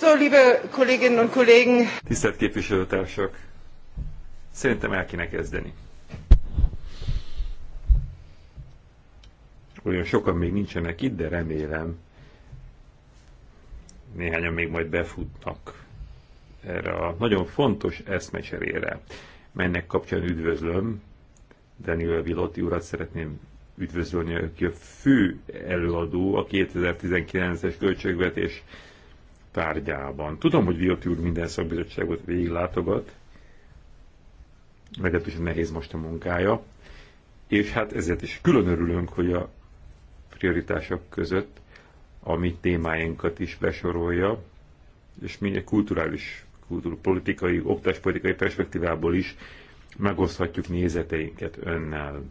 So, liebe Kolleginnen und Kollegen. Tisztelt képviselőtársak! Szerintem el kéne kezdeni. Olyan sokan még nincsenek itt, de remélem néhányan még majd befutnak erre a nagyon fontos eszmecserére, melynek kapcsán üdvözlöm. Daniel Vilotti urat szeretném üdvözölni, aki a fő előadó a 2019-es költségvetés tárgyában. Tudom, hogy Vioti úr minden szakbizottságot végiglátogat, meglehetősen nehéz most a munkája, és hát ezért is külön örülünk, hogy a prioritások között a mi témáinkat is besorolja, és mi egy kulturális, kultúrpolitikai, oktáspolitikai perspektívából is megoszthatjuk nézeteinket önnel.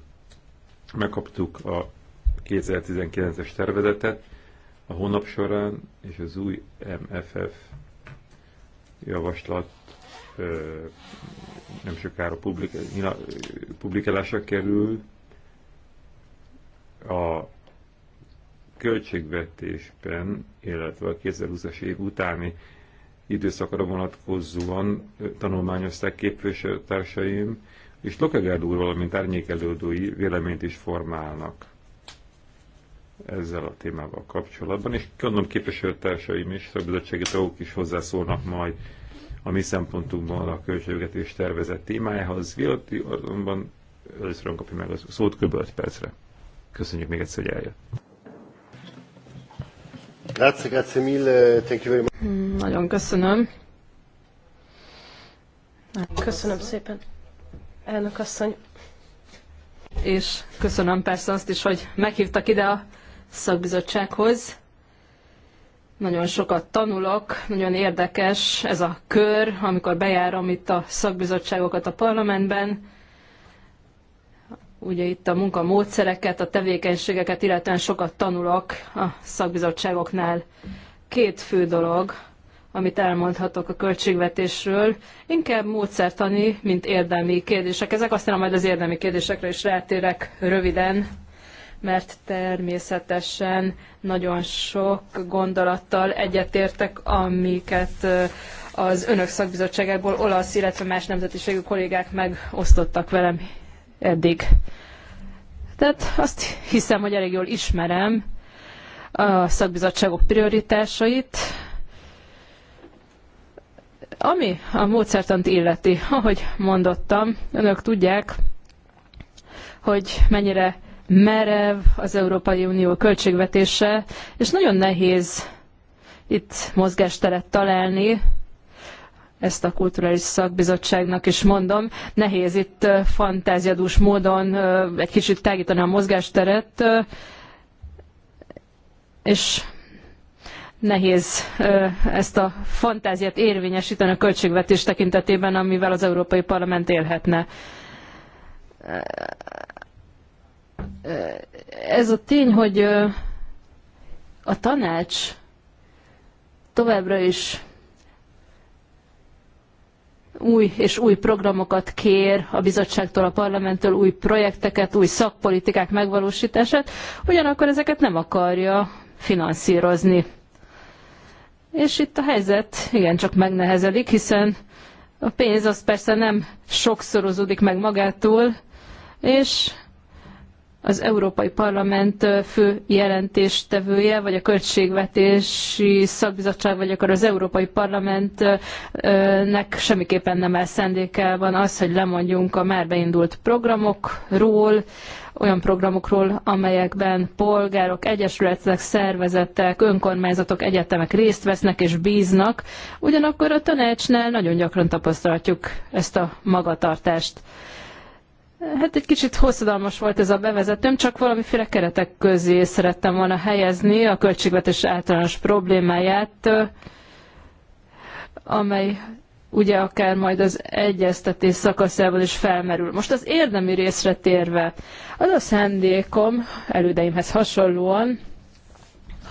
Megkaptuk a 2019-es tervezetet, a hónap során, és az új MFF javaslat ö, nem sokára publikálásra kerül. A költségvetésben, illetve a 2020-as év utáni időszakra vonatkozóan tanulmányozták képviselőtársaim, és Lokegárd úr, valamint árnyékelődői véleményt is formálnak ezzel a témával kapcsolatban, és gondolom képviselőtársaim és szakbizottsági tagok is hozzászólnak majd a mi szempontunkban a költségvetés tervezett témájához. Vilati azonban először kapja meg a szót kb. percre. Köszönjük még egyszer, hogy eljött. Grazie, grazie mille, thank you very much. Hmm, nagyon köszönöm. Köszönöm szépen. Elnök asszony, és köszönöm persze azt is, hogy meghívtak ide a szakbizottsághoz. Nagyon sokat tanulok, nagyon érdekes ez a kör, amikor bejárom itt a szakbizottságokat a parlamentben. Ugye itt a munkamódszereket, a tevékenységeket, illetően sokat tanulok a szakbizottságoknál. Két fő dolog, amit elmondhatok a költségvetésről, inkább módszertani, mint érdemi kérdések. Ezek aztán majd az érdemi kérdésekre is rátérek röviden mert természetesen nagyon sok gondolattal egyetértek, amiket az önök szakbizottságából olasz, illetve más nemzetiségű kollégák megosztottak velem eddig. Tehát azt hiszem, hogy elég jól ismerem a szakbizottságok prioritásait, ami a módszertant illeti, ahogy mondottam, önök tudják, hogy mennyire merev az Európai Unió költségvetése, és nagyon nehéz itt mozgásteret találni, ezt a kulturális szakbizottságnak is mondom. Nehéz itt fantáziadús módon egy kicsit tágítani a mozgásteret, és nehéz ezt a fantáziát érvényesíteni a költségvetés tekintetében, amivel az Európai Parlament élhetne ez a tény, hogy a tanács továbbra is új és új programokat kér a bizottságtól, a parlamenttől, új projekteket, új szakpolitikák megvalósítását, ugyanakkor ezeket nem akarja finanszírozni. És itt a helyzet igencsak megnehezedik, hiszen a pénz az persze nem sokszorozódik meg magától, és az Európai Parlament fő jelentéstevője, vagy a Költségvetési Szakbizottság, vagy akár az Európai Parlamentnek semmiképpen nem van, az, hogy lemondjunk a már beindult programokról, olyan programokról, amelyekben polgárok, egyesületek, szervezetek, önkormányzatok, egyetemek részt vesznek és bíznak. Ugyanakkor a tanácsnál nagyon gyakran tapasztalhatjuk ezt a magatartást. Hát egy kicsit hosszadalmas volt ez a bevezetőm, csak valamiféle keretek közé szerettem volna helyezni a költségvetés általános problémáját, amely ugye akár majd az egyeztetés szakaszában is felmerül. Most az érdemi részre térve, az a szándékom elődeimhez hasonlóan,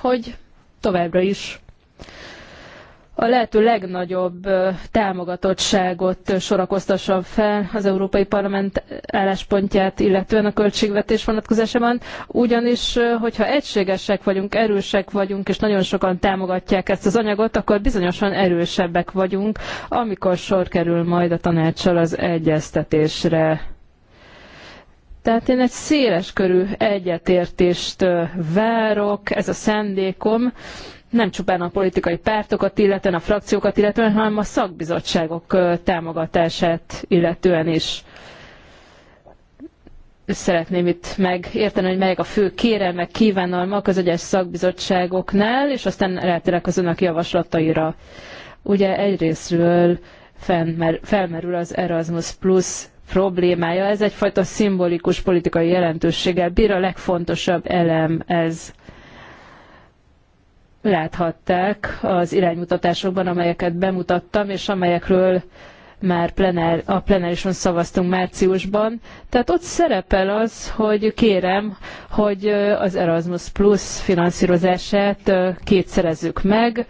hogy továbbra is a lehető legnagyobb támogatottságot sorakoztassam fel az Európai Parlament álláspontját, illetően a költségvetés vonatkozásában, ugyanis, hogyha egységesek vagyunk, erősek vagyunk, és nagyon sokan támogatják ezt az anyagot, akkor bizonyosan erősebbek vagyunk, amikor sor kerül majd a tanácssal az egyeztetésre. Tehát én egy széles körű egyetértést várok, ez a szándékom, nem csupán a politikai pártokat illetően, a frakciókat illetően, hanem a szakbizottságok támogatását illetően is. Szeretném itt megérteni, hogy melyek a fő kérelmek, kívánalmak az egyes szakbizottságoknál, és aztán rátérek az önök javaslataira. Ugye egyrésztről felmerül az Erasmus Plus problémája. Ez egyfajta szimbolikus politikai jelentőséggel bír a legfontosabb elem ez láthatták az iránymutatásokban, amelyeket bemutattam, és amelyekről már plenár, a plenárison szavaztunk márciusban. Tehát ott szerepel az, hogy kérem, hogy az Erasmus Plus finanszírozását kétszerezzük meg,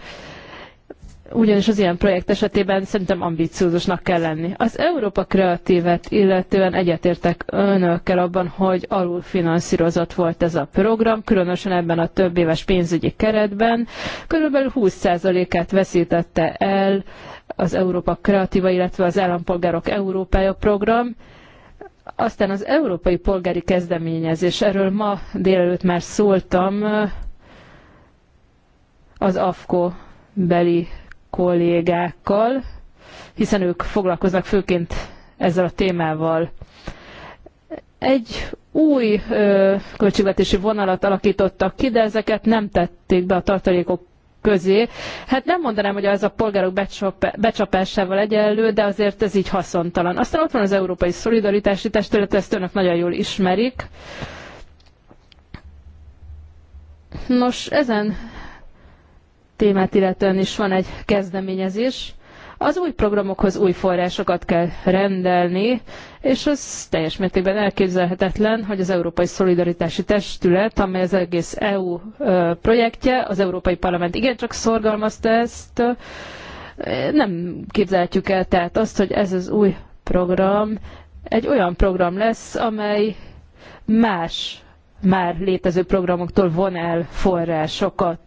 ugyanis az ilyen projekt esetében szerintem ambiciózusnak kell lenni. Az Európa Kreatívet illetően egyetértek önökkel abban, hogy alul finanszírozott volt ez a program, különösen ebben a több éves pénzügyi keretben. Körülbelül 20%-át veszítette el az Európa Kreatíva, illetve az Állampolgárok Európája program. Aztán az Európai Polgári Kezdeményezés, erről ma délelőtt már szóltam, az AFKO beli kollégákkal, hiszen ők foglalkoznak főként ezzel a témával. Egy új ö, költségvetési vonalat alakítottak ki, de ezeket nem tették be a tartalékok közé. Hát nem mondanám, hogy ez a polgárok becsap, becsapásával egyenlő, de azért ez így haszontalan. Aztán ott van az Európai Szolidaritási Testület, ezt önök nagyon jól ismerik. Nos, ezen témát illetően is van egy kezdeményezés. Az új programokhoz új forrásokat kell rendelni, és az teljes mértékben elképzelhetetlen, hogy az Európai Szolidaritási Testület, amely az egész EU projektje, az Európai Parlament igencsak szorgalmazta ezt, nem képzelhetjük el tehát azt, hogy ez az új program egy olyan program lesz, amely más már létező programoktól von el forrásokat.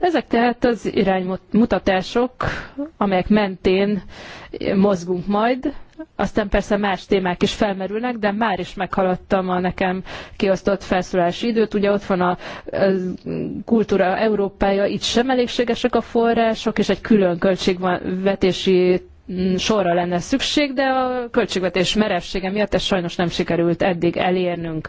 Ezek tehát az iránymutatások, amelyek mentén mozgunk majd, aztán persze más témák is felmerülnek, de már is meghaladtam a nekem kiosztott felszólási időt. Ugye ott van a, kultúra Európája, itt sem elégségesek a források, és egy külön költségvetési Mm, sorra lenne szükség, de a költségvetés merevsége miatt ez sajnos nem sikerült eddig elérnünk.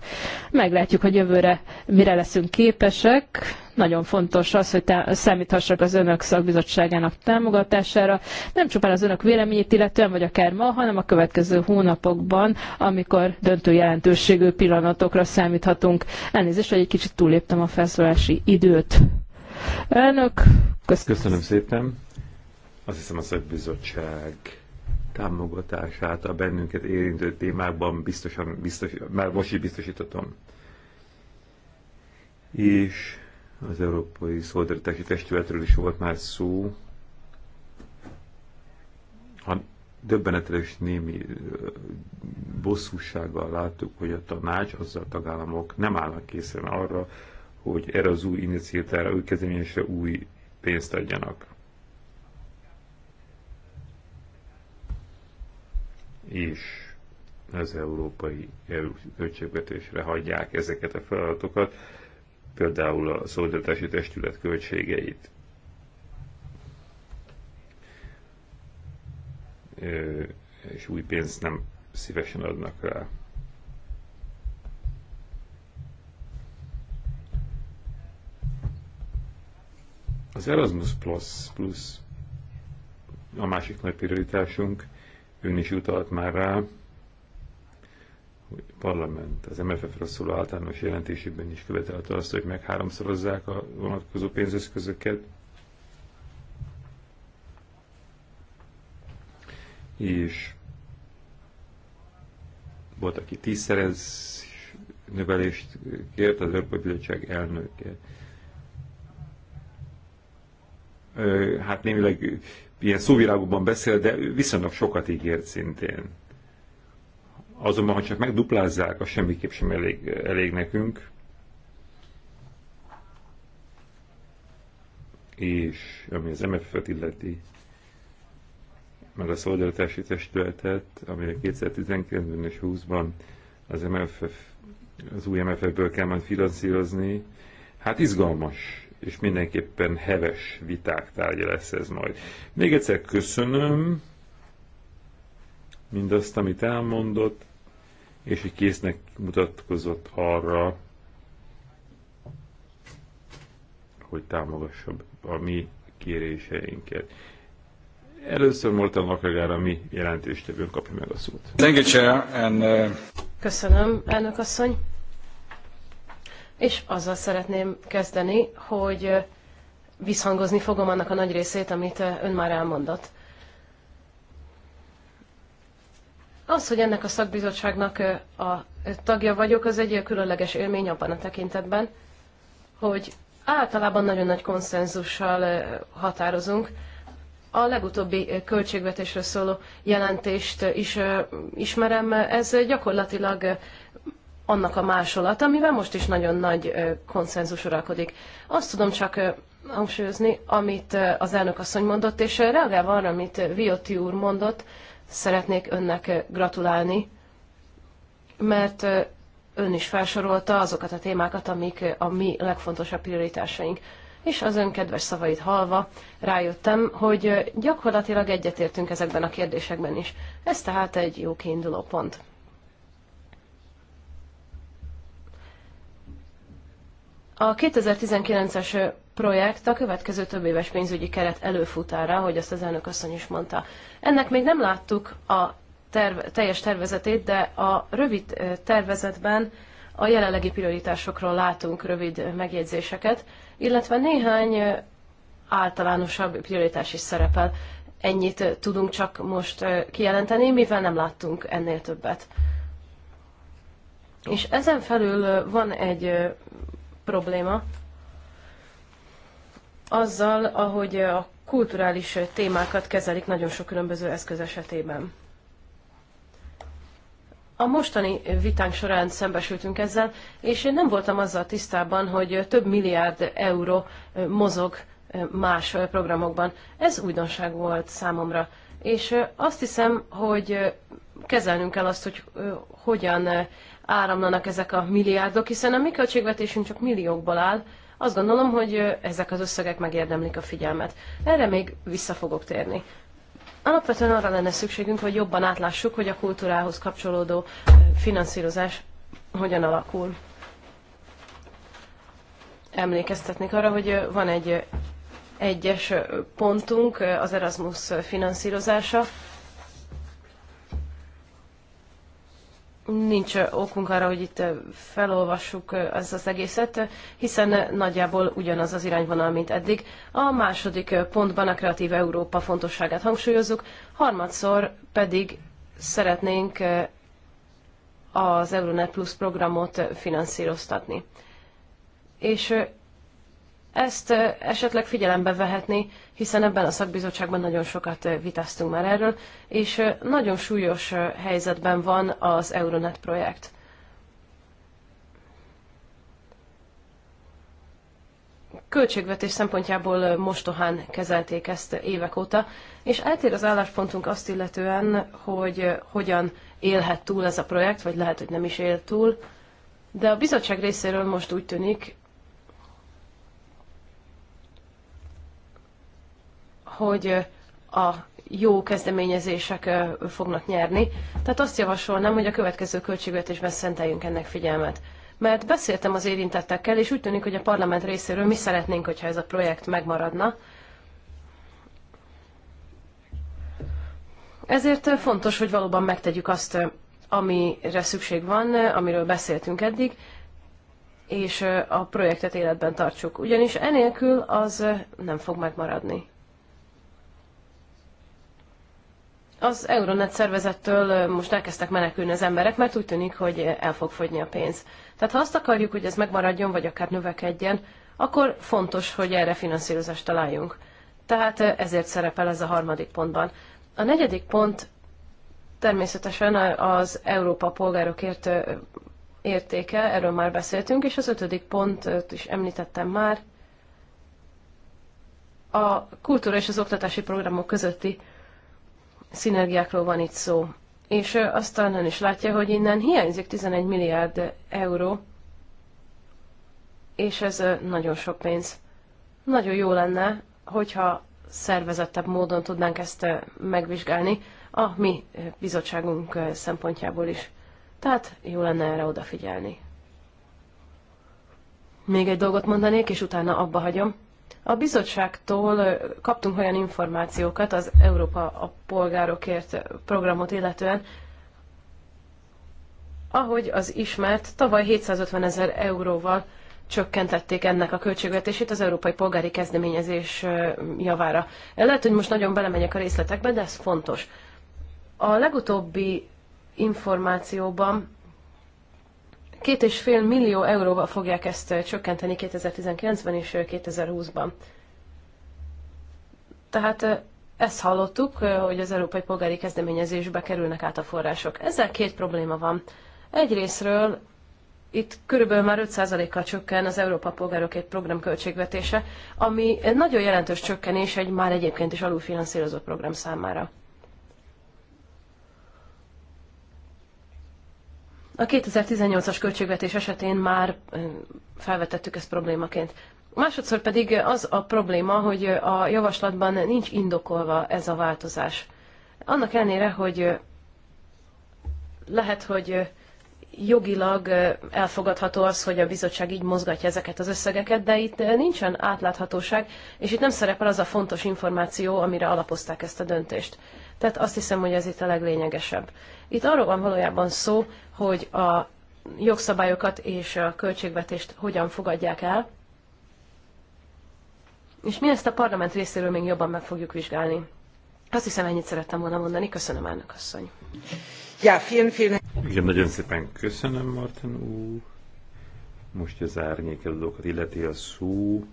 Meglátjuk, hogy jövőre mire leszünk képesek. Nagyon fontos az, hogy számíthassak az önök szakbizottságának támogatására, nem csupán az önök véleményét illetően, vagy akár ma, hanem a következő hónapokban, amikor döntő jelentőségű pillanatokra számíthatunk. Elnézést, hogy egy kicsit túlléptem a felszólási időt. Elnök, köszönöm, köszönöm szépen. Azt hiszem a szakbizottság támogatását a bennünket érintő témákban biztosan, biztos, már most is biztosítatom. És az Európai Szolidaritási Testületről is volt már szó. A döbbenetes némi bosszúsággal láttuk, hogy a tanács, azzal a tagállamok nem állnak készen arra, hogy erre az új iniciatára, új kezdeményezésre új pénzt adjanak. és az európai költségvetésre hagyják ezeket a feladatokat, például a szolgáltatási testület költségeit. És új pénzt nem szívesen adnak rá. Az Erasmus Plus, Plus a másik nagy prioritásunk, ön is utalt már rá, hogy a parlament az MFF-ről szóló általános jelentésében is követelte azt, hogy megháromszorozzák a vonatkozó pénzeszközöket, és volt, aki tízszerez növelést kért, az Európai Bizottság elnöke. Hát némileg ilyen szóvirágokban beszél, de viszonylag sokat ígért szintén. Azonban, ha csak megduplázzák, az semmiképp sem elég, elég nekünk. És ami az MFF-et illeti, meg a szolidaritási testületet, ami 2019-ben és 20-ban az MFF, az új MFF-ből kell majd finanszírozni, hát izgalmas és mindenképpen heves viták tárgya lesz ez majd. Még egyszer köszönöm mindazt, amit elmondott, és hogy késznek mutatkozott arra, hogy támogassa a mi kéréseinket. Először Morten Lakagára mi jelentéstevőn kapja meg a szót. Uh, köszönöm, elnök asszony és azzal szeretném kezdeni, hogy visszhangozni fogom annak a nagy részét, amit ön már elmondott. Az, hogy ennek a szakbizottságnak a tagja vagyok, az egy különleges élmény abban a tekintetben, hogy általában nagyon nagy konszenzussal határozunk. A legutóbbi költségvetésről szóló jelentést is ismerem, ez gyakorlatilag annak a másolata, amivel most is nagyon nagy konszenzus uralkodik. Azt tudom csak hangsúlyozni, amit az elnök asszony mondott, és reagálva arra, amit Vioti úr mondott, szeretnék önnek gratulálni, mert ön is felsorolta azokat a témákat, amik a mi legfontosabb prioritásaink. És az ön kedves szavait hallva rájöttem, hogy gyakorlatilag egyetértünk ezekben a kérdésekben is. Ez tehát egy jó kiinduló pont. A 2019-es projekt a következő több éves pénzügyi keret előfutára, hogy azt az elnök asszony is mondta. Ennek még nem láttuk a terv, teljes tervezetét, de a rövid tervezetben a jelenlegi prioritásokról látunk rövid megjegyzéseket, illetve néhány általánosabb prioritás is szerepel. Ennyit tudunk csak most kijelenteni, mivel nem láttunk ennél többet. És ezen felül van egy probléma azzal, ahogy a kulturális témákat kezelik nagyon sok különböző eszköz esetében. A mostani vitánk során szembesültünk ezzel, és én nem voltam azzal tisztában, hogy több milliárd euró mozog más programokban. Ez újdonság volt számomra. És azt hiszem, hogy kezelnünk kell azt, hogy hogyan áramlanak ezek a milliárdok, hiszen a mi költségvetésünk csak milliókból áll, azt gondolom, hogy ezek az összegek megérdemlik a figyelmet. Erre még vissza fogok térni. Alapvetően arra lenne szükségünk, hogy jobban átlássuk, hogy a kultúrához kapcsolódó finanszírozás hogyan alakul. Emlékeztetnék arra, hogy van egy egyes pontunk, az Erasmus finanszírozása, nincs okunk arra, hogy itt felolvassuk ezt az egészet, hiszen nagyjából ugyanaz az irányvonal, mint eddig. A második pontban a Kreatív Európa fontosságát hangsúlyozzuk, harmadszor pedig szeretnénk az Euronet Plus programot finanszíroztatni. És ezt esetleg figyelembe vehetni, hiszen ebben a szakbizottságban nagyon sokat vitáztunk már erről, és nagyon súlyos helyzetben van az Euronet projekt. Költségvetés szempontjából mostohán kezelték ezt évek óta, és eltér az álláspontunk azt illetően, hogy hogyan élhet túl ez a projekt, vagy lehet, hogy nem is él túl, de a bizottság részéről most úgy tűnik, hogy a jó kezdeményezések fognak nyerni. Tehát azt javasolnám, hogy a következő költségvetésben szenteljünk ennek figyelmet. Mert beszéltem az érintettekkel, és úgy tűnik, hogy a parlament részéről mi szeretnénk, hogyha ez a projekt megmaradna. Ezért fontos, hogy valóban megtegyük azt, amire szükség van, amiről beszéltünk eddig, és a projektet életben tartsuk. Ugyanis enélkül az nem fog megmaradni. Az Euronet szervezettől most elkezdtek menekülni az emberek, mert úgy tűnik, hogy el fog fogyni a pénz. Tehát ha azt akarjuk, hogy ez megmaradjon, vagy akár növekedjen, akkor fontos, hogy erre finanszírozást találjunk. Tehát ezért szerepel ez a harmadik pontban. A negyedik pont természetesen az Európa polgárokért értéke, erről már beszéltünk, és az ötödik pontot is említettem már, a kultúra és az oktatási programok közötti szinergiákról van itt szó. És aztán ön is látja, hogy innen hiányzik 11 milliárd euró, és ez nagyon sok pénz. Nagyon jó lenne, hogyha szervezettebb módon tudnánk ezt megvizsgálni a mi bizottságunk szempontjából is. Tehát jó lenne erre odafigyelni. Még egy dolgot mondanék, és utána abba hagyom. A bizottságtól kaptunk olyan információkat az Európa a polgárokért programot illetően, ahogy az ismert, tavaly 750 ezer euróval csökkentették ennek a költségvetését az európai polgári kezdeményezés javára. Lehet, hogy most nagyon belemegyek a részletekbe, de ez fontos. A legutóbbi információban Két és fél millió euróval fogják ezt csökkenteni 2019-ben és 2020-ban. Tehát ezt hallottuk, hogy az európai polgári kezdeményezésbe kerülnek át a források. Ezzel két probléma van. Egyrésztről itt körülbelül már 5%-kal csökken az Európa egy Program költségvetése, ami nagyon jelentős csökkenés egy már egyébként is alulfinanszírozott program számára. A 2018-as költségvetés esetén már felvetettük ezt problémaként. Másodszor pedig az a probléma, hogy a javaslatban nincs indokolva ez a változás. Annak ellenére, hogy lehet, hogy jogilag elfogadható az, hogy a bizottság így mozgatja ezeket az összegeket, de itt nincsen átláthatóság, és itt nem szerepel az a fontos információ, amire alapozták ezt a döntést. Tehát azt hiszem, hogy ez itt a leglényegesebb. Itt arról van valójában szó, hogy a jogszabályokat és a költségvetést hogyan fogadják el, és mi ezt a parlament részéről még jobban meg fogjuk vizsgálni. Azt hiszem, ennyit szerettem volna mondani. Köszönöm, elnök asszony. Ja, film, film. Igen, nagyon szépen köszönöm, Martin úr. Most az árnyékelődókat illeti a szó.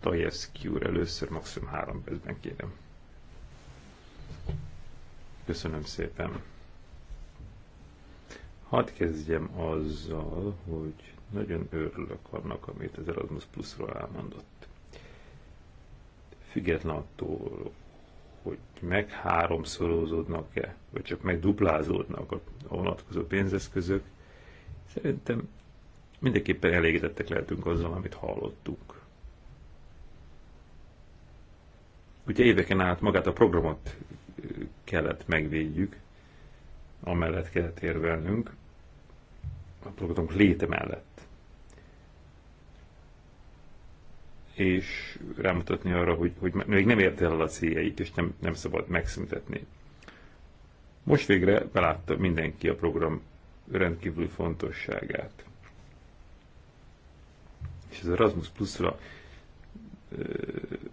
Stajewski úr először maximum három percben kérem. Köszönöm szépen. Hadd kezdjem azzal, hogy nagyon örülök annak, amit az Erasmus Plus-ról elmondott. Független attól, hogy meg háromszorozódnak-e, vagy csak megduplázódnak a vonatkozó pénzeszközök, szerintem mindenképpen elégedettek lehetünk azzal, amit hallottuk. Ugye éveken át magát a programot kellett megvédjük, amellett kellett érvelnünk, a programok léte mellett. És rámutatni arra, hogy, hogy még nem érte el a céljait, és nem, nem szabad megszüntetni. Most végre belátta mindenki a program rendkívüli fontosságát. És az Erasmus Plus-ra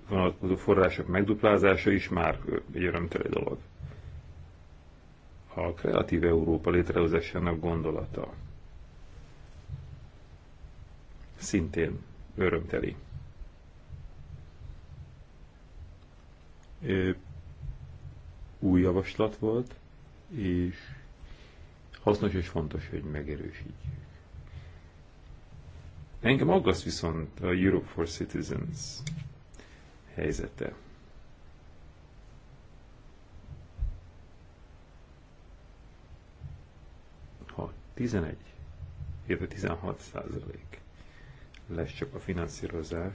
vonatkozó források megduplázása is már egy örömteli dolog. A kreatív Európa létrehozásának gondolata szintén örömteli. Új javaslat volt, és hasznos és fontos, hogy megerősítjük. Engem aggaszt viszont a Europe for Citizens helyzete. Ha 11, illetve 16 százalék lesz csak a finanszírozás,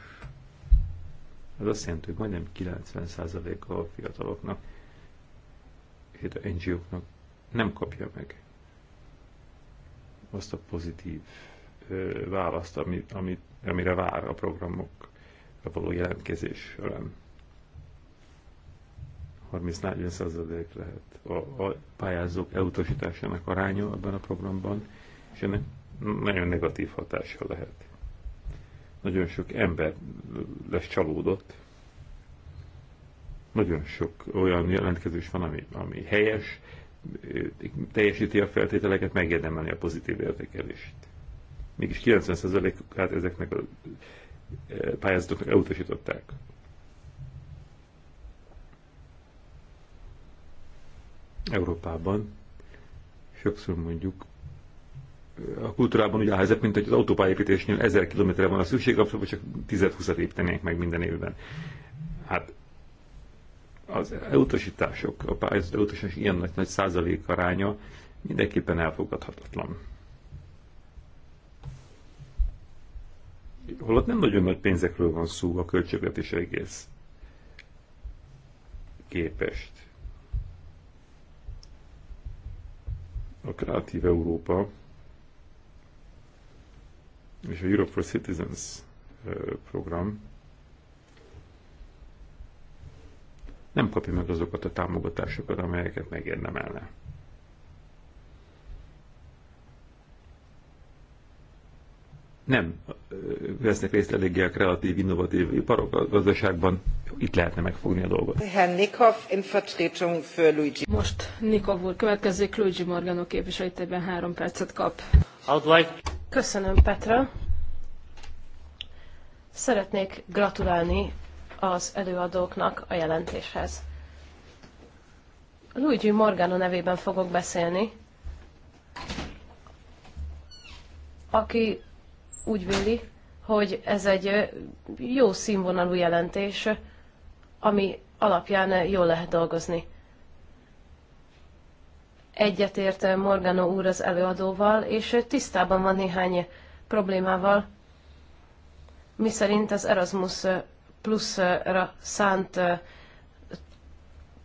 az azt jelenti, hogy majdnem 90 százalék a fiataloknak, a NGO-knak nem kapja meg azt a pozitív választ, ami, ami, amire vár a programok a való jelentkezés során. 30-40% lehet a, a pályázók elutasításának aránya ebben a programban, és ennek nagyon negatív hatása lehet. Nagyon sok ember lesz csalódott, nagyon sok olyan jelentkezés van, ami, ami helyes, teljesíti a feltételeket, megérdemelni a pozitív értékelést mégis 90%-át ezeknek a e, pályázatoknak elutasították. Európában sokszor mondjuk e, a kultúrában ugye a helyzet, mint hogy az autópályépítésnél 1000 kilométerre van a szükség, abszolút csak 10-20-at építenénk meg minden évben. Hát az elutasítások, a pályázat elutasítás ilyen nagy, nagy százalék aránya mindenképpen elfogadhatatlan. holott nem nagyon nagy pénzekről van szó a költségvetés egész képest. A Kreatív Európa és a Europe for Citizens program nem kapja meg azokat a támogatásokat, amelyeket megérdemelne. nem vesznek részt eléggé a kreatív, innovatív iparok a gazdaságban, itt lehetne megfogni a dolgot. Herr Nikov für Luigi. Most Nikov úr következik, Luigi Morgano képviselőjében három percet kap. Köszönöm, Petra. Szeretnék gratulálni az előadóknak a jelentéshez. Luigi Morgano nevében fogok beszélni, aki úgy véli, hogy ez egy jó színvonalú jelentés, ami alapján jól lehet dolgozni. Egyetért Morgano úr az előadóval, és tisztában van néhány problémával, miszerint az Erasmus pluszra szánt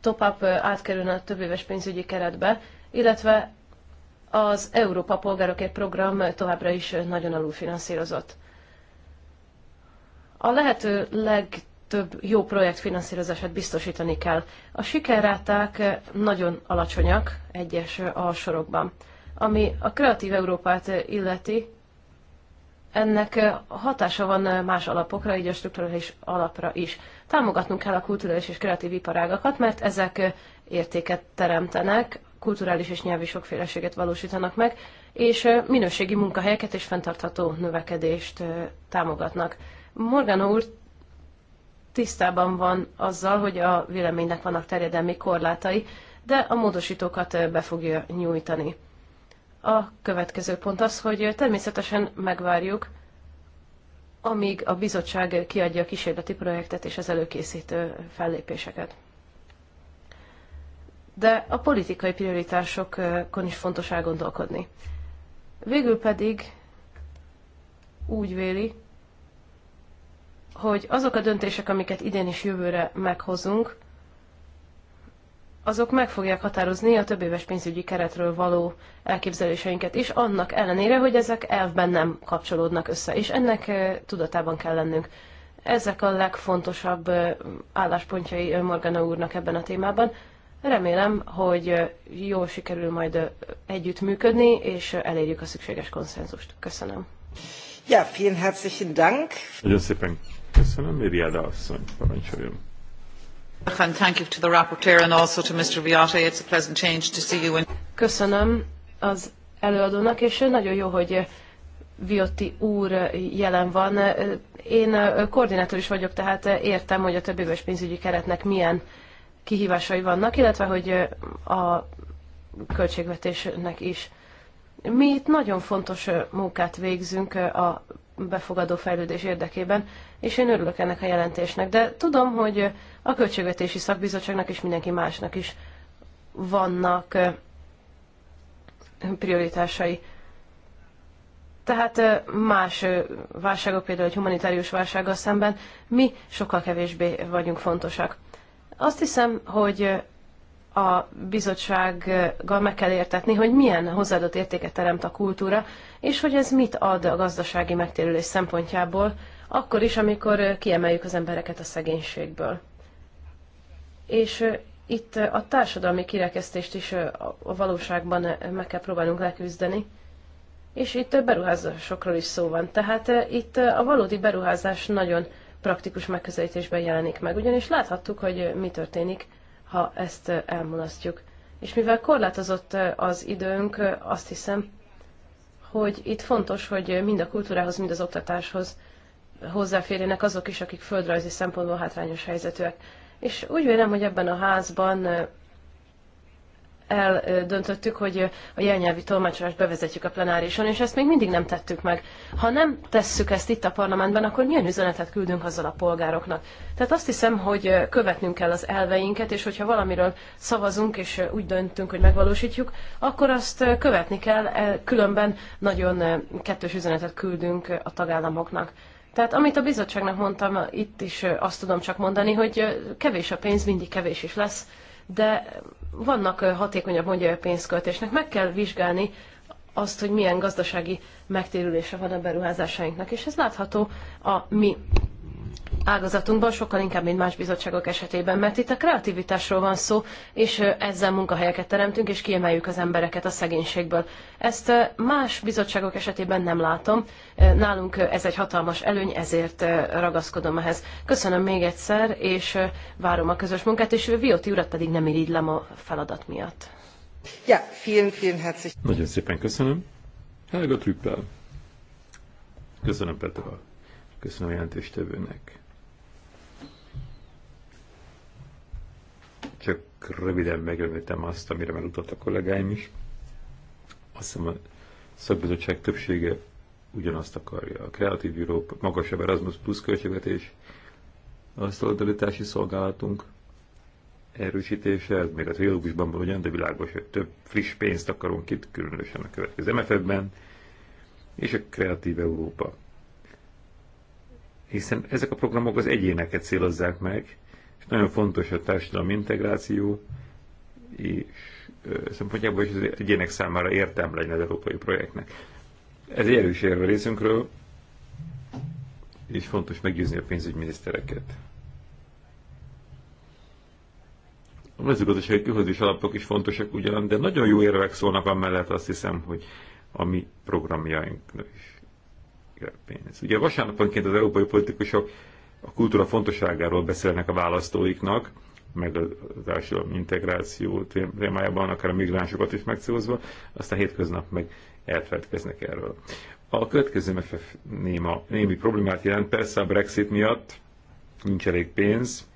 top-up átkerülne a többéves pénzügyi keretbe, illetve az Európa Polgárokért Program továbbra is nagyon alulfinanszírozott. A lehető legtöbb jó projekt finanszírozását biztosítani kell. A sikerráták nagyon alacsonyak egyes alsorokban. Ami a Kreatív Európát illeti, ennek hatása van más alapokra, így a struktúrális alapra is. Támogatnunk kell a kulturális és kreatív iparágakat, mert ezek értéket teremtenek kulturális és nyelvi sokféleséget valósítanak meg, és minőségi munkahelyeket és fenntartható növekedést támogatnak. Morgana úr tisztában van azzal, hogy a véleménynek vannak terjedelmi korlátai, de a módosítókat be fogja nyújtani. A következő pont az, hogy természetesen megvárjuk, amíg a bizottság kiadja a kísérleti projektet és az előkészítő fellépéseket de a politikai prioritásokon is fontos elgondolkodni. Végül pedig úgy véli, hogy azok a döntések, amiket idén és jövőre meghozunk, azok meg fogják határozni a több éves pénzügyi keretről való elképzeléseinket is, annak ellenére, hogy ezek elvben nem kapcsolódnak össze, és ennek eh, tudatában kell lennünk. Ezek a legfontosabb eh, álláspontjai eh, Morgana úrnak ebben a témában. Remélem, hogy jól sikerül majd együttműködni, és elérjük a szükséges konszenzust. Köszönöm. Ja, vielen herzlichen Dank. Nagyon szépen köszönöm, Miriada asszony, parancsoljon. And thank you to the rapporteur and also to Mr. Viotti. It's a pleasant change to see you. In... Köszönöm az előadónak, és nagyon jó, hogy Viotti úr jelen van. Én koordinátor is vagyok, tehát értem, hogy a többi pénzügyi keretnek milyen kihívásai vannak, illetve hogy a költségvetésnek is. Mi itt nagyon fontos munkát végzünk a befogadó fejlődés érdekében, és én örülök ennek a jelentésnek, de tudom, hogy a Költségvetési Szakbizottságnak és mindenki másnak is vannak prioritásai. Tehát más válságok, például egy humanitárius válsággal szemben mi sokkal kevésbé vagyunk fontosak. Azt hiszem, hogy a bizottsággal meg kell értetni, hogy milyen hozzáadott értéket teremt a kultúra, és hogy ez mit ad a gazdasági megtérülés szempontjából, akkor is, amikor kiemeljük az embereket a szegénységből. És itt a társadalmi kirekesztést is a valóságban meg kell próbálnunk leküzdeni. És itt beruházásokról is szó van. Tehát itt a valódi beruházás nagyon praktikus megközelítésben jelenik meg. Ugyanis láthattuk, hogy mi történik, ha ezt elmulasztjuk. És mivel korlátozott az időnk, azt hiszem, hogy itt fontos, hogy mind a kultúrához, mind az oktatáshoz hozzáférjenek azok is, akik földrajzi szempontból hátrányos helyzetűek. És úgy vélem, hogy ebben a házban eldöntöttük, hogy a jelnyelvi tolmácsolást bevezetjük a plenárison, és ezt még mindig nem tettük meg. Ha nem tesszük ezt itt a parlamentben, akkor milyen üzenetet küldünk azzal a polgároknak? Tehát azt hiszem, hogy követnünk kell az elveinket, és hogyha valamiről szavazunk, és úgy döntünk, hogy megvalósítjuk, akkor azt követni kell, e, különben nagyon kettős üzenetet küldünk a tagállamoknak. Tehát amit a bizottságnak mondtam, itt is azt tudom csak mondani, hogy kevés a pénz, mindig kevés is lesz de vannak hatékonyabb mondja a pénzköltésnek. Meg kell vizsgálni azt, hogy milyen gazdasági megtérülése van a beruházásainknak, és ez látható a mi ágazatunkban, sokkal inkább, mint más bizottságok esetében, mert itt a kreativitásról van szó, és ezzel munkahelyeket teremtünk, és kiemeljük az embereket a szegénységből. Ezt más bizottságok esetében nem látom. Nálunk ez egy hatalmas előny, ezért ragaszkodom ehhez. Köszönöm még egyszer, és várom a közös munkát, és Vioti urat pedig nem irigylem a feladat miatt. Ja, vielen, vielen herzlich. Nagyon szépen köszönöm. Helga Trüppel. Köszönöm Petra. Köszönöm a jelentéstevőnek. röviden megjelenítem azt, amire már utalt a kollégáim is. Azt hiszem a szakbizottság többsége ugyanazt akarja. A Kreatív Európa, magasabb Erasmus plusz költségvetés, a szolidaritási szolgálatunk erősítése, ez még a trilógusban van ugyan, de világos, hogy több friss pénzt akarunk itt, különösen a következő MFF-ben, és a Kreatív Európa. Hiszen ezek a programok az egyéneket célozzák meg, nagyon fontos a társadalmi integráció, és szempontjából is az egyének számára értelme legyen az európai projektnek. Ez egy erős érve részünkről, és fontos meggyőzni a pénzügyminisztereket. A mezőgazdasági kihozás alapok is fontosak ugyan, de nagyon jó érvek szólnak amellett azt hiszem, hogy a mi programjainknak is pénz. Ugye vasárnaponként az európai politikusok a kultúra fontosságáról beszélnek a választóiknak, meg a első integráció témájában, akár a migránsokat is azt aztán hétköznap meg elfeledkeznek erről. A következő MFF néma, némi problémát jelent, persze a Brexit miatt nincs elég pénz,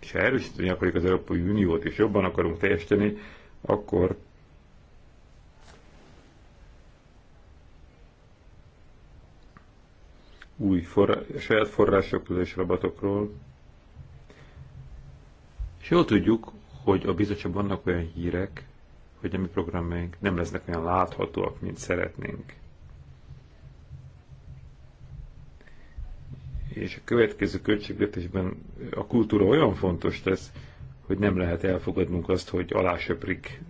és ha erősíteni akarjuk az Európai Uniót, és jobban akarunk teljesíteni, akkor új forra, saját forrásokról és rabatokról. És jól tudjuk, hogy a bizottságban vannak olyan hírek, hogy a mi programjaink nem lesznek olyan láthatóak, mint szeretnénk. És a következő költségvetésben a kultúra olyan fontos lesz, hogy nem lehet elfogadnunk azt, hogy alásöprik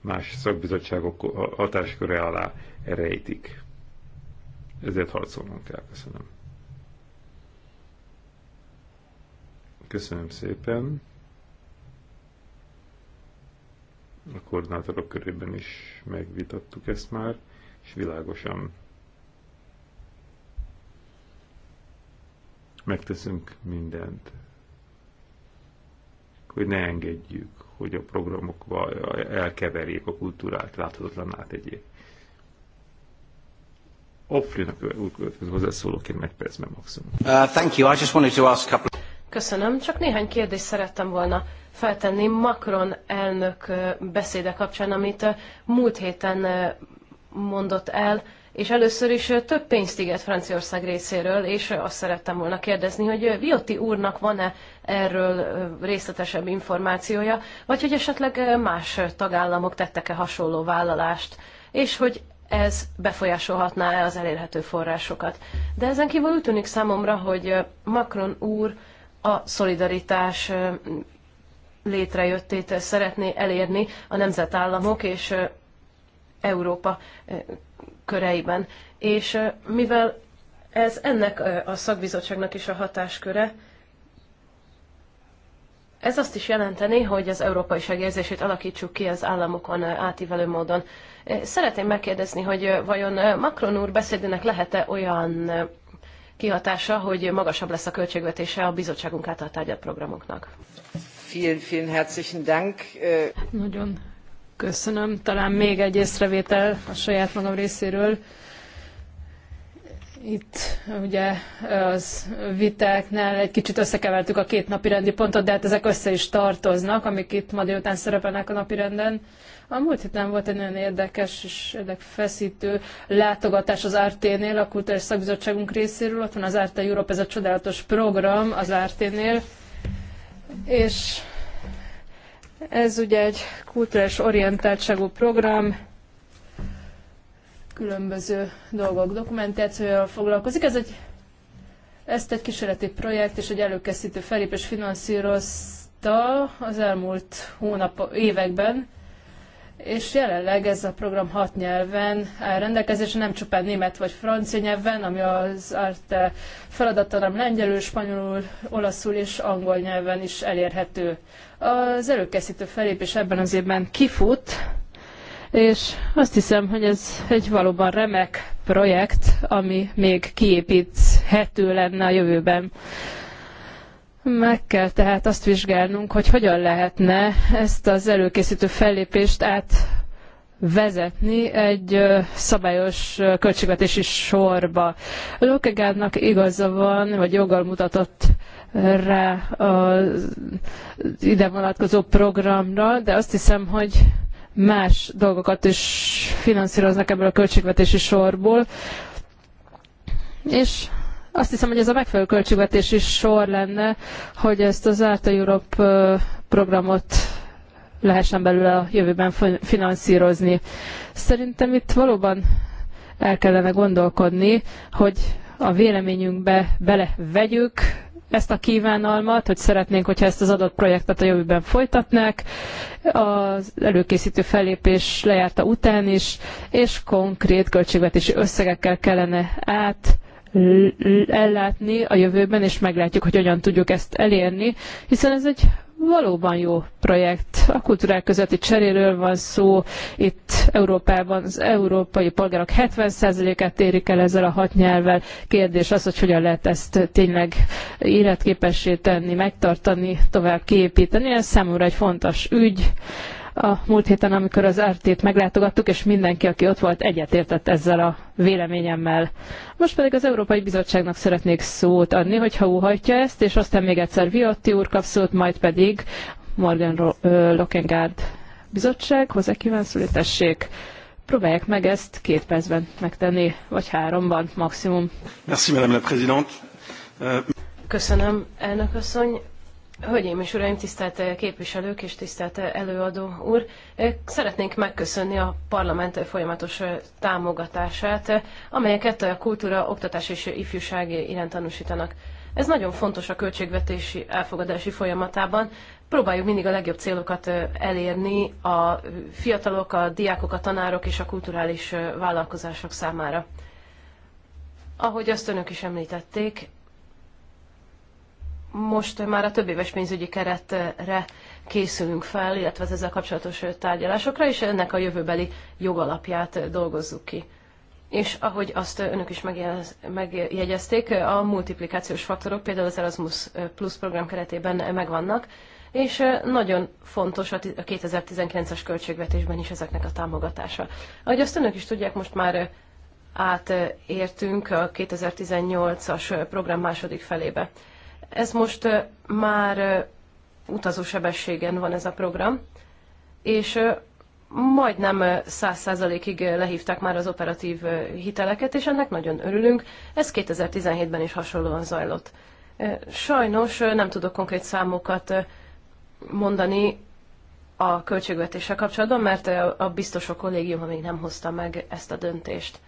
más szakbizottságok hatásköre alá rejtik. Ezért harcolnunk kell. Köszönöm. Köszönöm szépen. A koordinátorok körében is megvitattuk ezt már, és világosan megteszünk mindent, hogy ne engedjük, hogy a programok elkeverjék a kultúrát, láthatatlan tegyék. Offrinak hozzászólóként percben maximum. Uh, thank you. I just wanted to ask couple... Köszönöm. Csak néhány kérdést szerettem volna feltenni Macron elnök uh, beszéde kapcsán, amit uh, múlt héten uh, mondott el, és először is több pénzt ígért Franciaország részéről, és azt szerettem volna kérdezni, hogy Viotti úrnak van-e erről részletesebb információja, vagy hogy esetleg más tagállamok tettek-e hasonló vállalást, és hogy ez befolyásolhatná-e az elérhető forrásokat. De ezen kívül úgy tűnik számomra, hogy Macron úr a szolidaritás létrejöttét szeretné elérni a nemzetállamok és Európa köreiben. És mivel ez ennek a szakbizottságnak is a hatásköre, ez azt is jelenteni, hogy az európai segélyezését alakítsuk ki az államokon átívelő módon. Szeretném megkérdezni, hogy vajon Macron úr beszédének lehet-e olyan kihatása, hogy magasabb lesz a költségvetése a bizottságunk által tárgyalt programoknak? Vielen, vielen herzlichen Dank. Nagyon köszönöm. Talán még egy észrevétel a saját magam részéről. Itt ugye az vitáknál egy kicsit összekevertük a két napi rendi pontot, de hát ezek össze is tartoznak, amik itt ma délután szerepelnek a napirenden. A múlt héten volt egy nagyon érdekes és feszítő látogatás az RT-nél, a Kultúrás Szakbizottságunk részéről. Ott van az RT Europe, ez a csodálatos program az RT-nél. És ez ugye egy kulturális orientáltságú program, különböző dolgok dokumentációval foglalkozik. Ez egy, ezt egy kísérleti projekt és egy előkészítő felépés finanszírozta az elmúlt hónap években, és jelenleg ez a program hat nyelven áll rendelkezésre, nem csupán német vagy francia nyelven, ami az Arte feladata, hanem lengyelül, spanyolul, olaszul és angol nyelven is elérhető. Az előkészítő felépés ebben az évben kifut, és azt hiszem, hogy ez egy valóban remek projekt, ami még kiépíthető lenne a jövőben. Meg kell tehát azt vizsgálnunk, hogy hogyan lehetne ezt az előkészítő fellépést átvezetni egy szabályos költségvetési sorba. Lókegárnak igaza van, vagy joggal mutatott rá az ide vonatkozó programra, de azt hiszem, hogy más dolgokat is finanszíroznak ebből a költségvetési sorból. És azt hiszem, hogy ez a megfelelő költségvetési sor lenne, hogy ezt az Árta Europe programot lehessen belőle a jövőben finanszírozni. Szerintem itt valóban el kellene gondolkodni, hogy a véleményünkbe belevegyük ezt a kívánalmat, hogy szeretnénk, hogyha ezt az adott projektet a jövőben folytatnák, az előkészítő fellépés lejárta után is, és konkrét költségvetési összegekkel kellene át ellátni a jövőben, és meglátjuk, hogy hogyan tudjuk ezt elérni, hiszen ez egy valóban jó projekt. A kultúrák közötti cseréről van szó. Itt Európában az európai polgárok 70%-át érik el ezzel a hat nyelvvel. Kérdés az, hogy hogyan lehet ezt tényleg életképessé tenni, megtartani, tovább kiépíteni. Ez számomra egy fontos ügy a múlt héten, amikor az RT-t meglátogattuk, és mindenki, aki ott volt, egyetértett ezzel a véleményemmel. Most pedig az Európai Bizottságnak szeretnék szót adni, hogyha óhajtja ezt, és aztán még egyszer Viotti úr kap szót, majd pedig Morgan Lockengard bizottság, hozzá kíván tessék. Próbálják meg ezt két percben megtenni, vagy háromban maximum. Köszönöm, elnök asszony. Hölgyeim és Uraim, tisztelt eh, képviselők és tisztelt eh, előadó úr! Eh, szeretnénk megköszönni a parlament folyamatos támogatását, amelyeket a kultúra, oktatás és ifjúság iránt tanúsítanak. Ez nagyon fontos a költségvetési elfogadási folyamatában. Próbáljuk mindig a legjobb célokat elérni a fiatalok, a diákok, a tanárok és a kulturális vállalkozások számára. Ahogy azt önök is említették, most már a több éves pénzügyi keretre készülünk fel, illetve az ezzel kapcsolatos tárgyalásokra, és ennek a jövőbeli jogalapját dolgozzuk ki. És ahogy azt önök is megjegyezték, a multiplikációs faktorok például az Erasmus Plus program keretében megvannak, és nagyon fontos a 2019-es költségvetésben is ezeknek a támogatása. Ahogy azt önök is tudják, most már átértünk a 2018-as program második felébe. Ez most már utazósebességen van ez a program, és majdnem 100%-ig lehívták már az operatív hiteleket, és ennek nagyon örülünk. Ez 2017-ben is hasonlóan zajlott. Sajnos nem tudok konkrét számokat mondani a költségvetéssel kapcsolatban, mert a biztosok kollégiuma még nem hozta meg ezt a döntést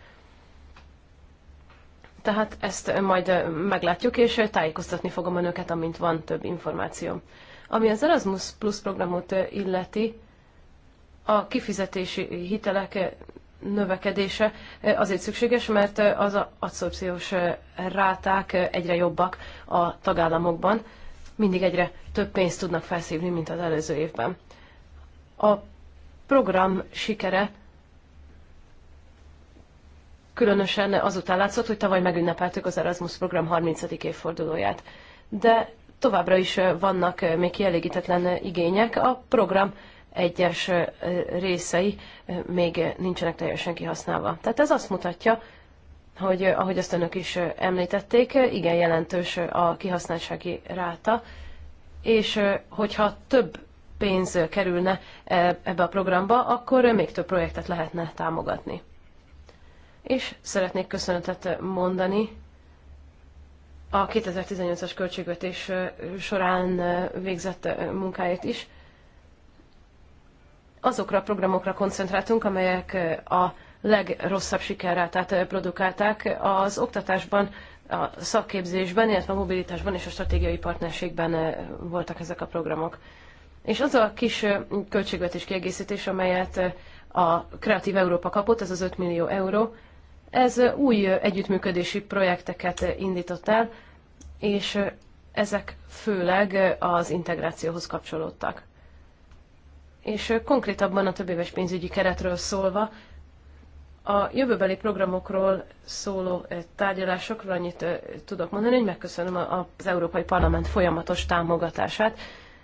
tehát ezt majd meglátjuk, és tájékoztatni fogom önöket, amint van több információ. Ami az Erasmus Plus programot illeti, a kifizetési hitelek növekedése azért szükséges, mert az adszorpciós ráták egyre jobbak a tagállamokban, mindig egyre több pénzt tudnak felszívni, mint az előző évben. A program sikere különösen azután látszott, hogy tavaly megünnepeltük az Erasmus program 30. évfordulóját. De továbbra is vannak még kielégítetlen igények. A program egyes részei még nincsenek teljesen kihasználva. Tehát ez azt mutatja, hogy ahogy azt önök is említették, igen jelentős a kihasználtsági ráta, és hogyha több pénz kerülne ebbe a programba, akkor még több projektet lehetne támogatni és szeretnék köszönetet mondani a 2018-as költségvetés során végzett munkáért is. Azokra a programokra koncentráltunk, amelyek a legrosszabb tehát produkálták az oktatásban, a szakképzésben, illetve a mobilitásban és a stratégiai partnerségben voltak ezek a programok. És az a kis költségvetés kiegészítés, amelyet a Kreatív Európa kapott, ez az 5 millió euró, ez új együttműködési projekteket indított el, és ezek főleg az integrációhoz kapcsolódtak. És konkrétabban a többéves pénzügyi keretről szólva, a jövőbeli programokról szóló tárgyalásokról annyit tudok mondani, hogy megköszönöm az Európai Parlament folyamatos támogatását,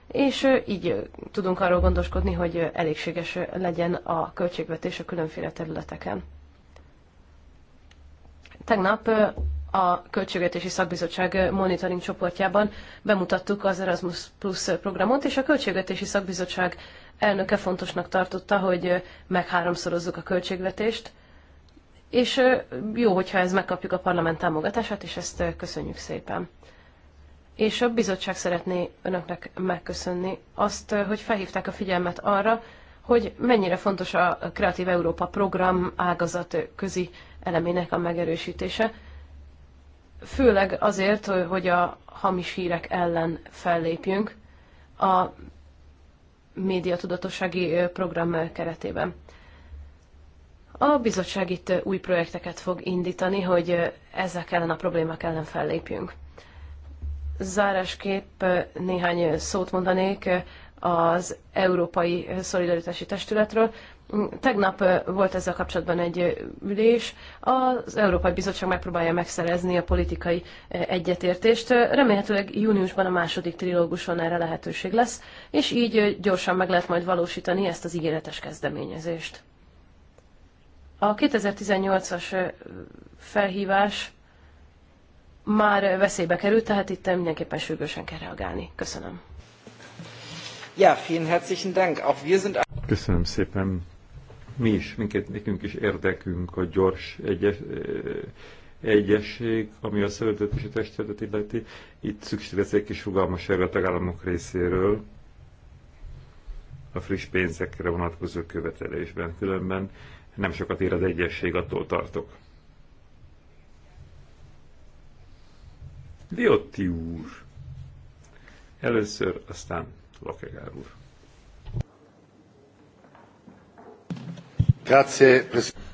és így tudunk arról gondoskodni, hogy elégséges legyen a költségvetés a különféle területeken. Tegnap a Költségvetési Szakbizottság monitoring csoportjában bemutattuk az Erasmus Plus programot, és a Költségvetési Szakbizottság elnöke fontosnak tartotta, hogy megháromszorozzuk a költségvetést, és jó, hogyha ez megkapjuk a parlament támogatását, és ezt köszönjük szépen. És a bizottság szeretné önöknek megköszönni azt, hogy felhívták a figyelmet arra, hogy mennyire fontos a Kreatív Európa program ágazat közi elemének a megerősítése, főleg azért, hogy a hamis hírek ellen fellépjünk a médiatudatossági program keretében. A bizottság itt új projekteket fog indítani, hogy ezek ellen a problémák ellen fellépjünk. Zárásképp néhány szót mondanék az Európai Szolidaritási Testületről, Tegnap volt ezzel kapcsolatban egy ülés. Az Európai Bizottság megpróbálja megszerezni a politikai egyetértést. Remélhetőleg júniusban a második trilóguson erre lehetőség lesz, és így gyorsan meg lehet majd valósítani ezt az ígéretes kezdeményezést. A 2018-as felhívás már veszélybe került, tehát itt mindenképpen sürgősen kell reagálni. Köszönöm. Ja, vielen herzlichen Dank. Auch wir sind Köszönöm szépen mi is, minket, nekünk is érdekünk a gyors egyes, egyesség, ami a szövetet és a testületet illeti. Itt szükség lesz egy kis rugalmasságra a tagállamok részéről a friss pénzekre vonatkozó követelésben. Különben nem sokat ér az egyesség, attól tartok. Viotti úr. Először, aztán Lakegár úr.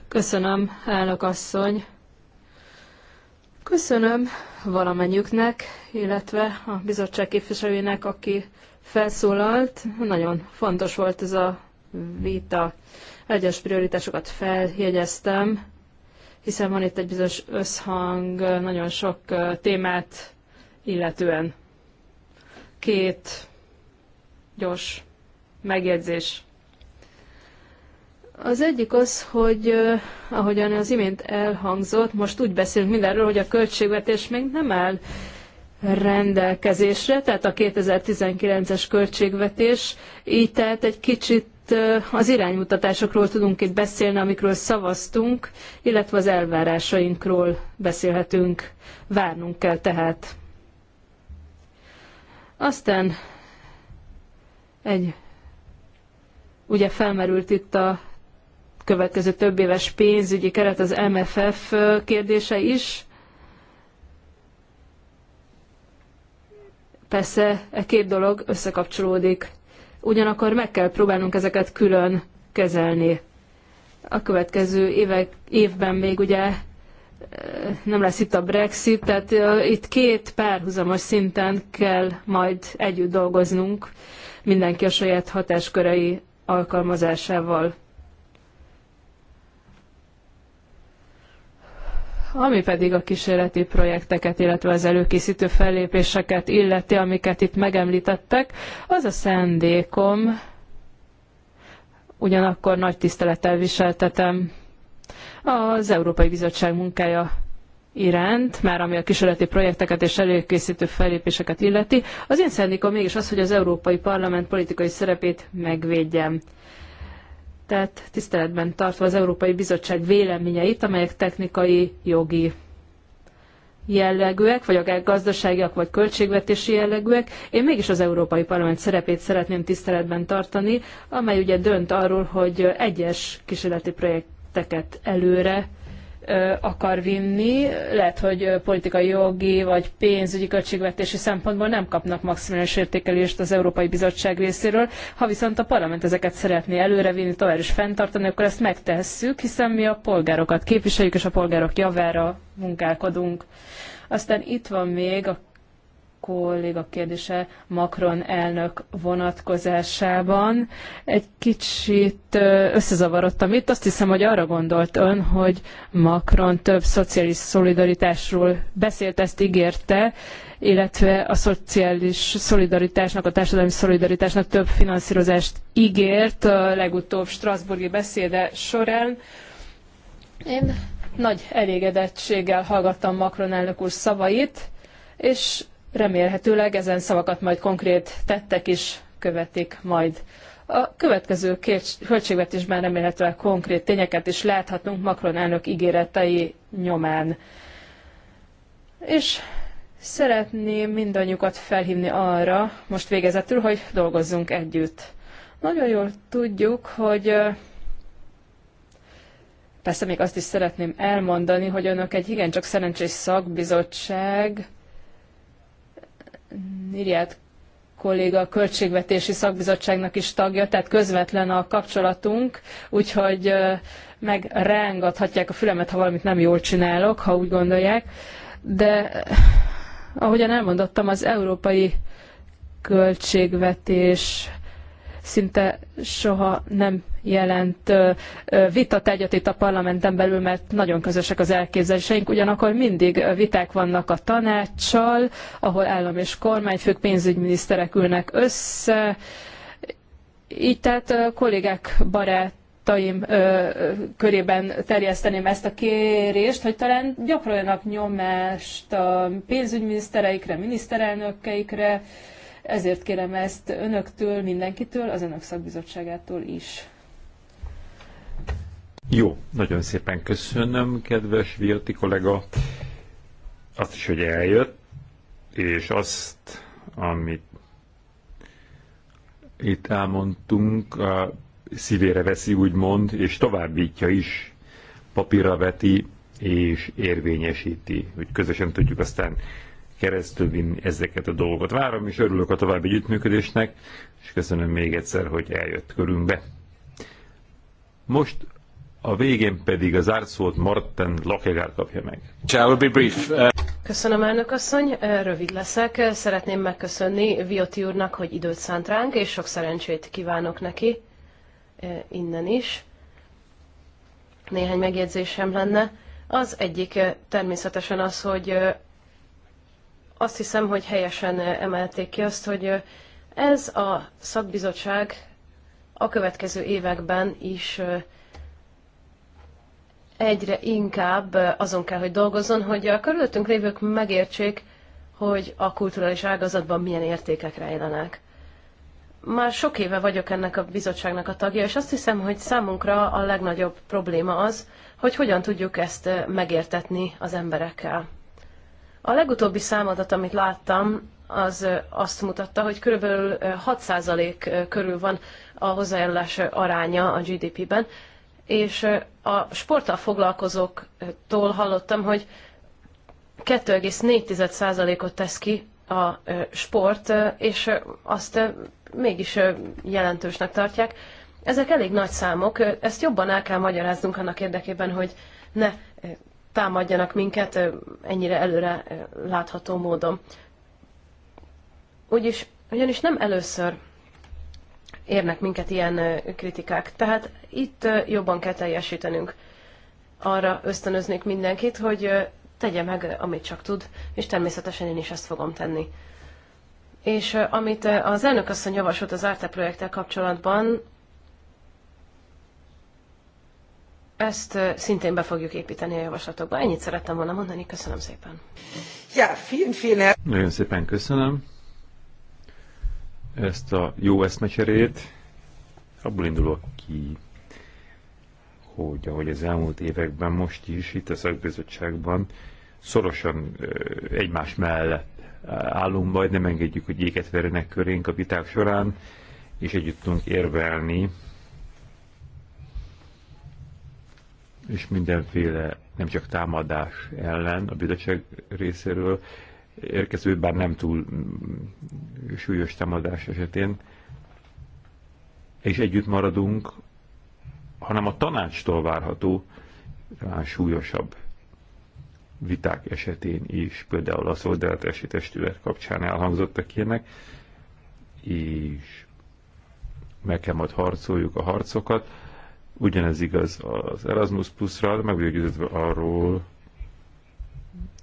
Köszönöm, elnök asszony. Köszönöm valamennyüknek, illetve a bizottság képviselőjének, aki felszólalt. Nagyon fontos volt ez a vita. Egyes prioritásokat feljegyeztem, hiszen van itt egy bizonyos összhang nagyon sok témát illetően. Két gyors megjegyzés. Az egyik az, hogy ahogyan az imént elhangzott, most úgy beszélünk mindenről, hogy a költségvetés még nem áll rendelkezésre, tehát a 2019-es költségvetés, így tehát egy kicsit az iránymutatásokról tudunk itt beszélni, amikről szavaztunk, illetve az elvárásainkról beszélhetünk, várnunk kell tehát. Aztán egy, ugye felmerült itt a következő több éves pénzügyi keret az MFF kérdése is. Persze e két dolog összekapcsolódik. Ugyanakkor meg kell próbálnunk ezeket külön kezelni. A következő évek, évben még ugye nem lesz itt a Brexit, tehát itt két párhuzamos szinten kell majd együtt dolgoznunk, mindenki a saját hatáskörei alkalmazásával. Ami pedig a kísérleti projekteket, illetve az előkészítő fellépéseket illeti, amiket itt megemlítettek, az a szándékom, ugyanakkor nagy tisztelettel viseltetem az Európai Bizottság munkája iránt, már ami a kísérleti projekteket és előkészítő fellépéseket illeti, az én szándékom mégis az, hogy az Európai Parlament politikai szerepét megvédjem tehát tiszteletben tartva az Európai Bizottság véleményeit, amelyek technikai, jogi jellegűek, vagy akár gazdaságiak, vagy költségvetési jellegűek. Én mégis az Európai Parlament szerepét szeretném tiszteletben tartani, amely ugye dönt arról, hogy egyes kísérleti projekteket előre akar vinni, lehet, hogy politikai, jogi vagy pénzügyi költségvetési szempontból nem kapnak maximális értékelést az Európai Bizottság részéről. Ha viszont a parlament ezeket szeretné előrevinni, tovább is fenntartani, akkor ezt megtesszük, hiszen mi a polgárokat képviseljük, és a polgárok javára munkálkodunk. Aztán itt van még a kolléga kérdése Macron elnök vonatkozásában. Egy kicsit összezavarodtam itt. Azt hiszem, hogy arra gondolt ön, hogy Macron több szociális szolidaritásról beszélt, ezt ígérte, illetve a szociális szolidaritásnak, a társadalmi szolidaritásnak több finanszírozást ígért a legutóbb Strasburgi beszéde során. Én nagy elégedettséggel hallgattam Macron elnök úr szavait, és Remélhetőleg ezen szavakat majd konkrét tettek is követik majd. A következő költségvetésben remélhetőleg konkrét tényeket is láthatunk Macron elnök ígéretei nyomán. És szeretném mindannyiukat felhívni arra, most végezetül, hogy dolgozzunk együtt. Nagyon jól tudjuk, hogy persze még azt is szeretném elmondani, hogy önök egy igencsak szerencsés szakbizottság, Niriát kolléga a költségvetési szakbizottságnak is tagja, tehát közvetlen a kapcsolatunk, úgyhogy megrángathatják a fülemet, ha valamit nem jól csinálok, ha úgy gondolják. De eh, ahogyan elmondottam, az európai költségvetés szinte soha nem jelent egyet itt a parlamenten belül, mert nagyon közösek az elképzeléseink, ugyanakkor mindig viták vannak a tanácssal, ahol állam és kormányfők, pénzügyminiszterek ülnek össze, így tehát kollégák barát barátaim ö, körében terjeszteném ezt a kérést, hogy talán gyakoroljanak nyomást a pénzügyminisztereikre, miniszterelnökeikre, ezért kérem ezt önöktől, mindenkitől, az önök szakbizottságától is. Jó, nagyon szépen köszönöm, kedves Vilti kollega, azt is, hogy eljött, és azt, amit itt elmondtunk, a szívére veszi, úgymond, és továbbítja is, papírra veti és érvényesíti, hogy közösen tudjuk aztán vinni ezeket a dolgokat. Várom és örülök a további együttműködésnek, és köszönöm még egyszer, hogy eljött körünkbe. Most a végén pedig az árszót Morten Lokegaard kapja meg. be brief. Köszönöm, elnök asszony, rövid leszek. Szeretném megköszönni Vioti úrnak, hogy időt szánt ránk, és sok szerencsét kívánok neki eh, innen is. Néhány megjegyzésem lenne. Az egyik eh, természetesen az, hogy eh, azt hiszem, hogy helyesen emelték ki azt, hogy ez a szakbizottság a következő években is egyre inkább azon kell, hogy dolgozzon, hogy a körülöttünk lévők megértsék, hogy a kulturális ágazatban milyen értékek rejlenek. Már sok éve vagyok ennek a bizottságnak a tagja, és azt hiszem, hogy számunkra a legnagyobb probléma az, hogy hogyan tudjuk ezt megértetni az emberekkel. A legutóbbi számadat, amit láttam, az azt mutatta, hogy körülbelül 6% körül van a hozzájárulás aránya a GDP-ben, és a sporttal foglalkozóktól hallottam, hogy 2,4%-ot tesz ki a sport, és azt mégis jelentősnek tartják. Ezek elég nagy számok, ezt jobban el kell magyaráznunk annak érdekében, hogy ne támadjanak minket ennyire előre látható módon. Ugyis, ugyanis nem először érnek minket ilyen kritikák. Tehát itt jobban kell teljesítenünk. Arra ösztönöznék mindenkit, hogy tegye meg, amit csak tud, és természetesen én is ezt fogom tenni. És amit az elnök asszony javasolt az ARTE projekttel kapcsolatban, ezt szintén be fogjuk építeni a javaslatokba. Ennyit szerettem volna mondani, köszönöm szépen. Ja, vielen, vielen Nagyon szépen köszönöm ezt a jó eszmecserét. Abból indulok ki, hogy ahogy az elmúlt években most is itt a szakbizottságban szorosan egymás mellett állunk majd, nem engedjük, hogy éket verjenek körénk a viták során, és együtt tudunk érvelni, és mindenféle nem csak támadás ellen a bizottság részéről, érkező, bár nem túl súlyos támadás esetén, és együtt maradunk, hanem a tanácstól várható, talán súlyosabb viták esetén is, például a szolidaritási testület kapcsán elhangzottak ilyenek, és meg kell majd harcoljuk a harcokat. Ugyanez igaz az Erasmus Plus-ra, meg arról,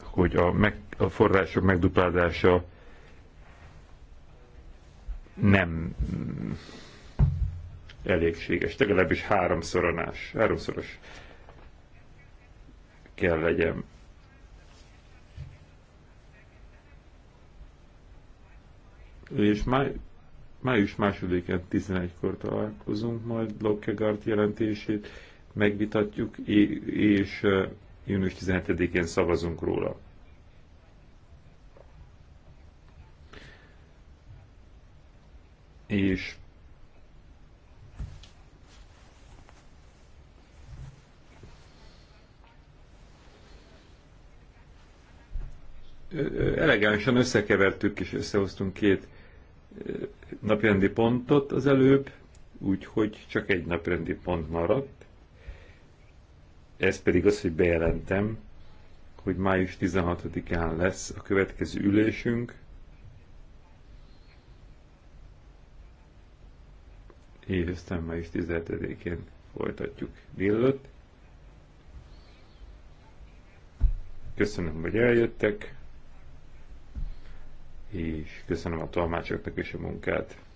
hogy a meg a források megduplázása nem elégséges, legalábbis háromszoronás, háromszoros kell legyen. És máj, május másodikán 11-kor találkozunk, majd Lockegart jelentését megvitatjuk, és június 17-én szavazunk róla. és elegánsan összekevertük és összehoztunk két naprendi pontot az előbb, úgyhogy csak egy naprendi pont maradt. Ez pedig az, hogy bejelentem, hogy május 16-án lesz a következő ülésünk, és aztán is 17-én folytatjuk délőtt. Köszönöm, hogy eljöttek, és köszönöm a tolmácsoknak is a munkát.